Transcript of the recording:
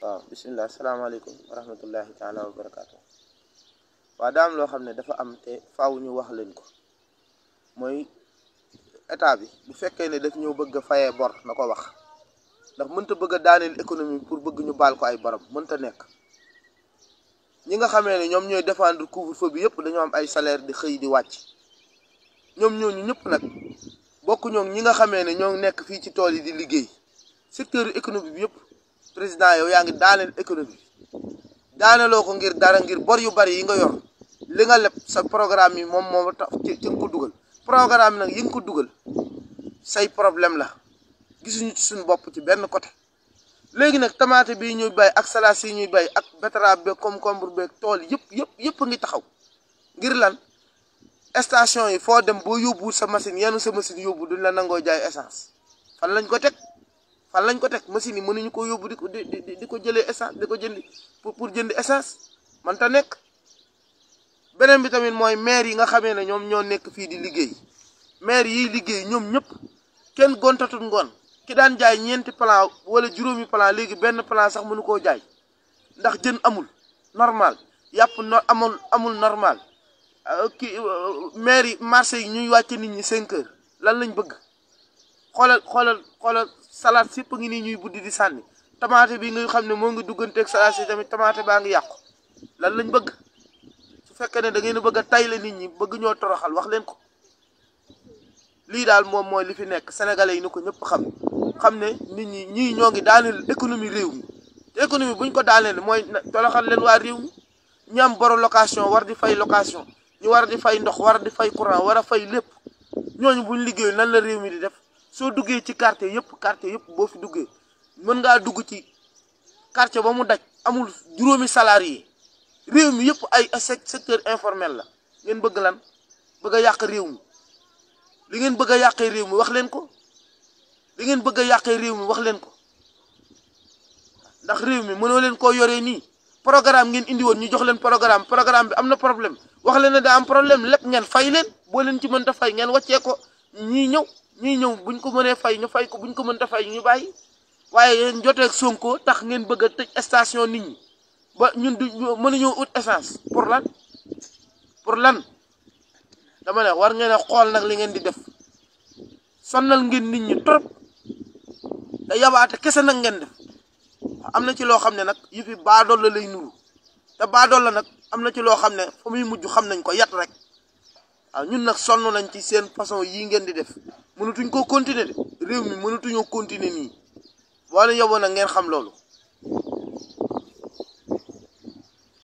waaw bisimilah salaamaaleykum wa rahmatullahi taala wa barakaatu waaw daam loo xam ne dafa am te faw ñu wax leen ko mooy état bi bu fekkee ne daf ñëw bëgg a fayee bor na ko wax ndax mënta bëgg a daaneel économie pour bëgg ñu baal ko ay borom mënta nekk ñi nga xamee ne ñoom ñooy défendre couvre-feu bi yëpp dañoo am ay salaire di xëy di wàcc ñoom ñooñu ñëpp nag bokk ñoom ñi nga xamee ne ñoo nekk fii ci tool yi di liggéey secteur économique bi yëpp président yow yaa ngi daaneel économie daaneloo ko ngir dara ngir bor yu bari yi nga yor li nga leb sa programme yi moom moo tax ci nga ko dugal programme nag yi nga ko dugal say problème la gisuñu suñ suñu bopp ci benn côté léegi nag tamaate bi ñuy bay ak salaas yi ñuy bay ak betterave beeg concombre beeg tool yëpp yëpp ngi taxaw ngir lan station yi foo dem boo yóbbuwul sa machine yenn sa machine yóbbu duñ la nangoo jaay essence fan lañ ko teg fal lañ ko tek machine ni mënuñu ko yobbu diko diko jëlé essence diko jëndi pour pour jëndi essence man ta nek benen bi tamit moy maire yi nga xamé né ñom ñoo nek fi di liggéey maire yi liggéey ñom ñëpp kenn gontatul ngon ki daan jaay ñent plan wala juroomi plan légui benn plan sax mënu ko jaay ndax jën amul normal yap amul amul normal ah, ki euh, maire yi marché yi ñuy wàcce nit ñi 5 heures lan lañ bëgg. xoolal xoolal xoolal salaat yëpp a ngi nii ñuy buddi di sànni tamaate bi nga xam ne moo ngi dugganteeg salade yi tamit tamaate baa ngi yàqu lan lañ bëgg su fekkee ne da ngeen bëgg a tayle nit ñi bëgg ñoo toroxal wax leen ko lii daal moom mooy li fi nekk sénégalais yi ni ko ñëpp xam xam ne nit ñi ñii ñoo ngi daaneel économie réew mi te économie buñ ko daaneel mooy toroxal leen waa réew mi ñu boro location war di fay location ñu war di fay ndox war di fay courant war a fay lépp ñooñu buñ liggéey nan la mi di def sudugi duggee ci quartier yep quartier yëpp bo fi duggee mën nga dugg ci quartier ba mu daj amul juroomi salarié réew mi yëpp ay secteur informel la ngeen bëgg lan bëgg a yàq réew mi li ngeen bëgg a yàqee réew mi wax leen ko li ngeen bëgg yàqee réew mi wax leen ko ndax réew mi mënoo leen koo yoree nii programme ngeen indi woon ñu jox leen programme programme bi am na problème wax leen ne da am problème lepp ngeen fay leen boo leen ci mën ta fay ngeen ko ñii ñëw ñuy ñëw buñ ko mënee fay ñu fay ko buñ ko mënta fay ñu bàyyi waaye yéen jotee Sonko tax ngeen bëgg a tëj station nit ñi ba ñun du mënuñoo ut essence pour lan pour lan dama ne war ngeen a xool nag li ngeen di def sonnal ngeen nit ñi trop da yabaate kese nag ngeen def am na ci loo xam ne nag yu fi la lay te baadool la nag am na ci loo xam ne fa muy mujj xam nañ ko yat rek waaw ñun nag sonn nañ ci seen façon yii ngeen di def mënatuñ koo continuer de réew mi mënatuñoo continuer nii wala yow nag ngeen xam loolu.